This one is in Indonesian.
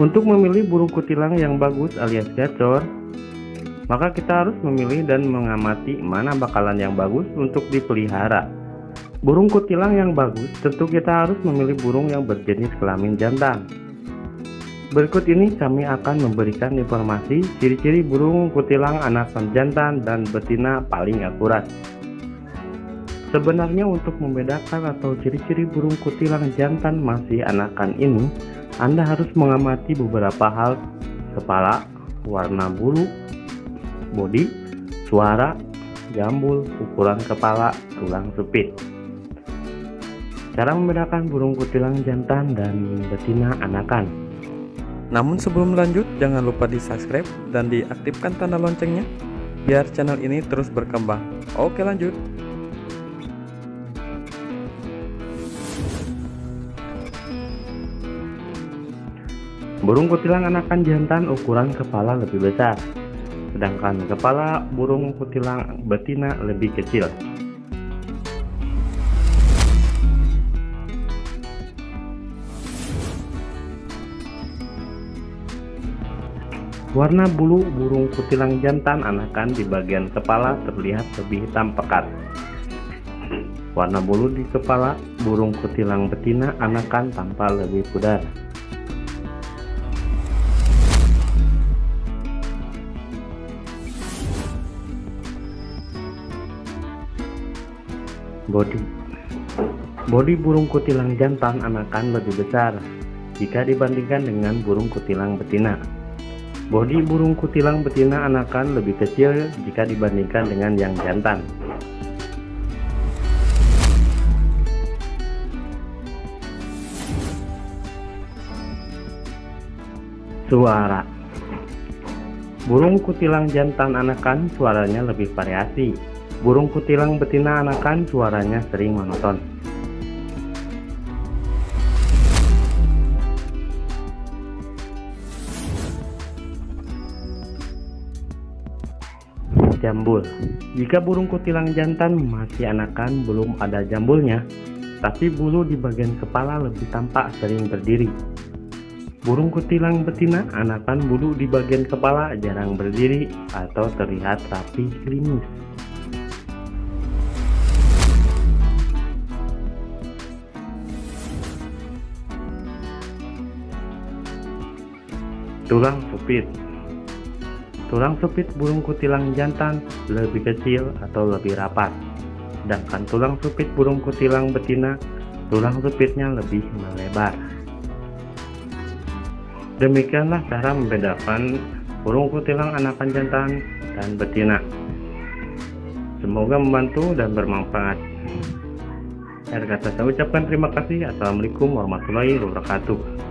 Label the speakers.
Speaker 1: Untuk memilih burung kutilang yang bagus alias gacor, maka kita harus memilih dan mengamati mana bakalan yang bagus untuk dipelihara. Burung kutilang yang bagus tentu kita harus memilih burung yang berjenis kelamin jantan. Berikut ini kami akan memberikan informasi ciri-ciri burung kutilang anakan jantan dan betina paling akurat. Sebenarnya untuk membedakan atau ciri-ciri burung kutilang jantan masih anakan ini, Anda harus mengamati beberapa hal kepala, warna bulu, bodi, suara, jambul, ukuran kepala, tulang sepit. Cara membedakan burung kutilang jantan dan betina anakan. Namun sebelum lanjut, jangan lupa di subscribe dan diaktifkan tanda loncengnya, biar channel ini terus berkembang. Oke lanjut. Burung kutilang anakan jantan ukuran kepala lebih besar, sedangkan kepala burung kutilang betina lebih kecil. Warna bulu burung kutilang jantan anakan di bagian kepala terlihat lebih hitam pekat. Warna bulu di kepala burung kutilang betina anakan tampak lebih pudar. body. Bodi burung kutilang jantan anakan lebih besar jika dibandingkan dengan burung kutilang betina. Body burung kutilang betina anakan lebih kecil jika dibandingkan dengan yang jantan. Suara Burung kutilang jantan anakan suaranya lebih variasi, Burung kutilang betina anakan suaranya sering monoton. Jambul Jika burung kutilang jantan masih anakan belum ada jambulnya, tapi bulu di bagian kepala lebih tampak sering berdiri. Burung kutilang betina anakan bulu di bagian kepala jarang berdiri atau terlihat rapi klinis. Tulang supit Tulang supit burung kutilang jantan lebih kecil atau lebih rapat. Sedangkan tulang supit burung kutilang betina, tulang supitnya lebih melebar. Demikianlah cara membedakan burung kutilang anakan jantan dan betina. Semoga membantu dan bermanfaat. Akhir kata saya ucapkan terima kasih. Assalamualaikum warahmatullahi wabarakatuh.